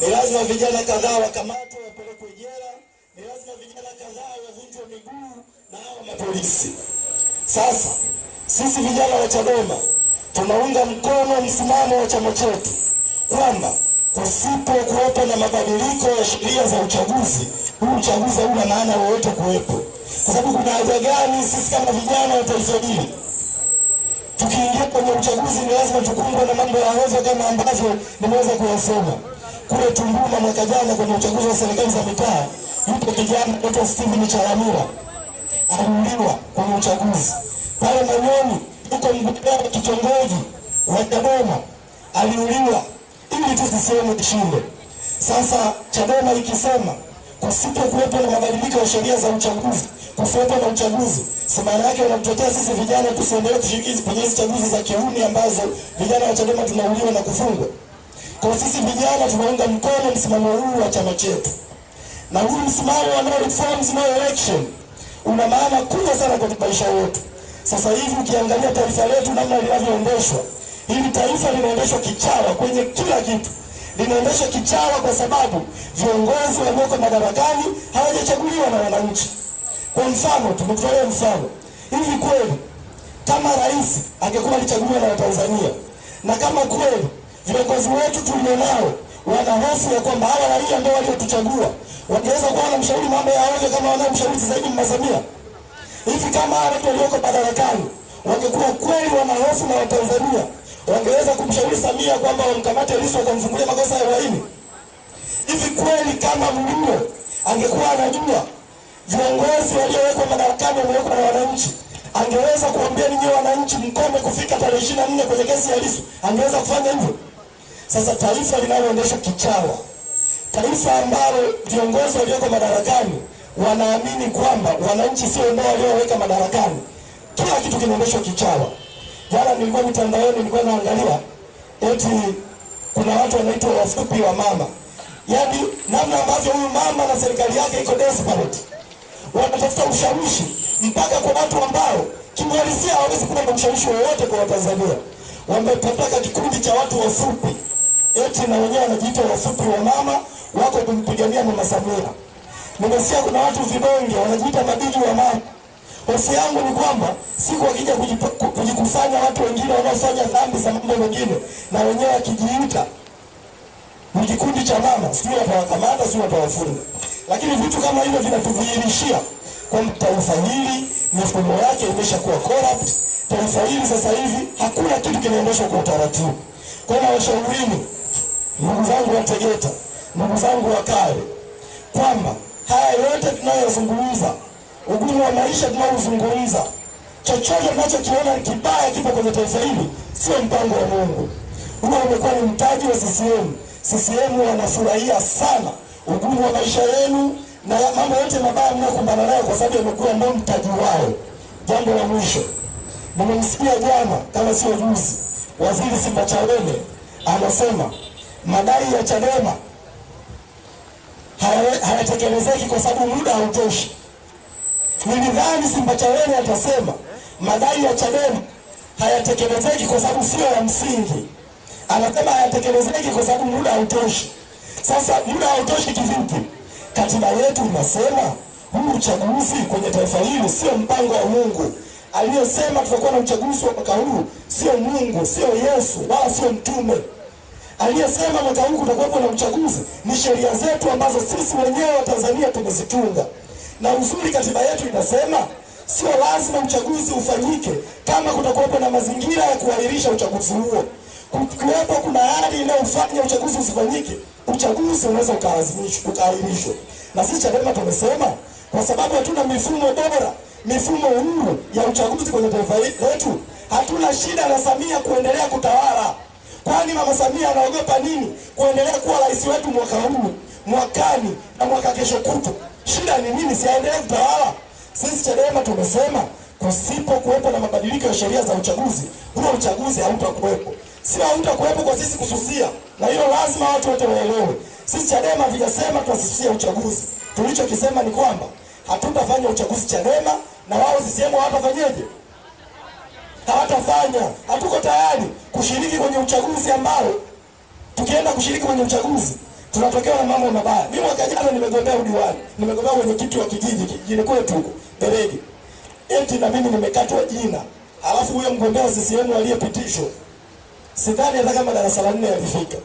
Ni lazima vijana kadhaa wakamatwe wapelekwe jela, ni lazima vijana kadhaa wavunjwe miguu na hawa mapolisi. Sasa sisi vijana wa Chadema tunaunga mkono msimamo wa chama chetu kwamba kusipo kuwepo na mabadiliko ya sheria za uchaguzi, huu uchaguzi hauna maana wowote kuwepo, kwa sababu kuna haja gani sisi kama vijana wa taifa hili tukiingia kwenye uchaguzi? Ni lazima tukumbwe na mambo ya hovyo kama ambavyo nimeweza kuyasoma kule Tunduma mwaka jana kwenye uchaguzi wa serikali za mitaa, yupo kijana anaitwa Steven Chalamira aliuliwa kwenye uchaguzi pale Manyoni, yuko mgombea wa kitongoji wa Chadema aliuliwa ili tu CCM ishinde. Sasa Chadema ikisema kusipo kuwepo na mabadiliko ya sheria za uchaguzi, kufuatwa na uchaguzi, si maana yake wanamtetea sisi vijana tusiendelee kushiriki kwenye hizi chaguzi za kiuni ambazo vijana wa Chadema tunauliwa na kufungwa. Kwa sisi vijana tunaunga mkono msimamo huu wa chama chetu, na huu msimamo wa no reforms no election una maana kubwa sana kwa maisha yetu. Sasa hivi ukiangalia taifa letu namna linavyoendeshwa, hili taifa linaendeshwa kichawa kwenye kila kitu linaendeshwa kichawa kwa sababu viongozi walioko madarakani hawajachaguliwa na wananchi. Kwa mfano, tumetolewa mfano hivi, kweli kama rais angekuwa alichaguliwa na Watanzania na kama kweli Viongozi wetu tulio nao wana hofu ya kwamba hawa raia ndio waliotuchagua, wangeweza kuwa wanamshauri mambo ya yaoje kama wanamshauri zaidi Mama Samia. Hivi kama hawa watu walioko madarakani wangekuwa kweli wana hofu na Watanzania, wangeweza kumshauri Samia kwamba wamkamate Lissu wakamfungulia makosa ya uhaini? Hivi kweli kama Mluo angekuwa anajua viongozi waliowekwa madarakani wamewekwa na wananchi angeweza kuambia ninyi wananchi mkome kufika tarehe ishirini nne kwenye kesi ya lisu Angeweza kufanya hivyo? Sasa taifa linaloendeshwa kichawa, taifa ambalo viongozi walioko madarakani wanaamini kwamba wananchi sio ndio walioweka madarakani, kila kitu kinaendeshwa kichawa. Jana nilikuwa mitandaoni, nilikuwa naangalia eti kuna watu wanaitwa wafupi wa mama, yaani namna ambavyo huyu mama na serikali yake iko desperate, wanatafuta ushawishi mpaka kwa watu ambao kiuhalisia hawawezi kuwa na ushawishi wowote kwa Watanzania. Wamepataka kikundi cha watu wafupi eti na wenyewe wanajiita wafupi wa mama wako kumpigania mama Samia. Nimesikia kuna watu vibonge wanajiita mabiji wa mama. Hofu yangu ni kwamba siku wakija kujikusanya watu wengine wanaofanya dhambi za mambo mengine, na wenyewe akijiita ni kikundi cha mama, sijui watawakamata, sijui watawafunga. Lakini vitu kama hivyo vinatudhihirishia kwamba taifa hili mifumo yake imeshakuwa corrupt. Taifa hili sasa hivi hakuna kitu kinaendeshwa kwa utaratibu. Kwa hiyo nawashaurini ndugu zangu wa Tegeta, ndugu zangu wa Kale, kwamba haya yote tunayozungumza, ugumu wa maisha tunaozungumza, chochote tunachokiona kibaya kipo kwenye taifa hili, sio mpango wa Mungu. Huo umekuwa ni mtaji wa CCM. CCM wanafurahia sana ugumu wa maisha yenu na mambo yote mabaya mnayokumbana nayo, kwa sababu yamekuwa ndio mtaji wao. Jambo la mwisho, nimemsikia jana kama sio juzi, waziri Simbachawene anasema madai ya Chadema hayatekelezeki kwa sababu muda hautoshi. Nilidhani Simbachawene atasema madai ya Chadema hayatekelezeki kwa sababu sio ya msingi. Anasema hayatekelezeki kwa sababu muda hautoshi. Sasa muda hautoshi kivipi? Katiba yetu inasema huu uchaguzi kwenye taifa hili sio mpango wa Mungu. aliyosema tutakuwa na uchaguzi wa mwaka huu sio Mungu, sio Yesu, wala sio mtume aliyesema mwaka huu kutakuwepo na uchaguzi ni sheria zetu ambazo sisi wenyewe wa Tanzania tumezitunga, na uzuri katiba yetu inasema sio lazima uchaguzi ufanyike kama kutakuwepo na mazingira ya kuahirisha uchaguzi huo. Kukiwepo kuna hali inayofanya uchaguzi usifanyike, uchaguzi unaweza ukaahirishwa. Na sisi CHADEMA tumesema kwa sababu hatuna mifumo bora, mifumo huru ya uchaguzi kwenye taifa letu, hatuna shida na Samia kuendelea kutawala. Kwani mama Samia anaogopa nini kuendelea kuwa rais wetu mwaka huu, mwakani na mwaka kesho kutu? Shida ni nini? Siaendelee kutawala? Sisi Chadema tumesema kusipo kuwepo na mabadiliko ya sheria za uchaguzi, huo uchaguzi hautakuwepo. Sio hautakuwepo kwa sisi kususia, na hilo lazima watu wote waelewe. Sisi Chadema hatujasema tunasusia uchaguzi. Tulichokisema ni kwamba hatutafanya uchaguzi Chadema, na wao CCM hawatafanyeje? Hawatafanya, hatuko tayari kushiriki kwenye uchaguzi ambao tukienda kushiriki kwenye uchaguzi tunatokewa na mambo mabaya. Mimi mwaka jana nimegombea udiwani, nimegombea kwenye kiti wa kijiji kijijini kwetu huko Beregi, eti na mimi nimekatwa jina, alafu huyo mgombea wa CCM aliyepitishwa sidhani hata kama darasa la nne alifika.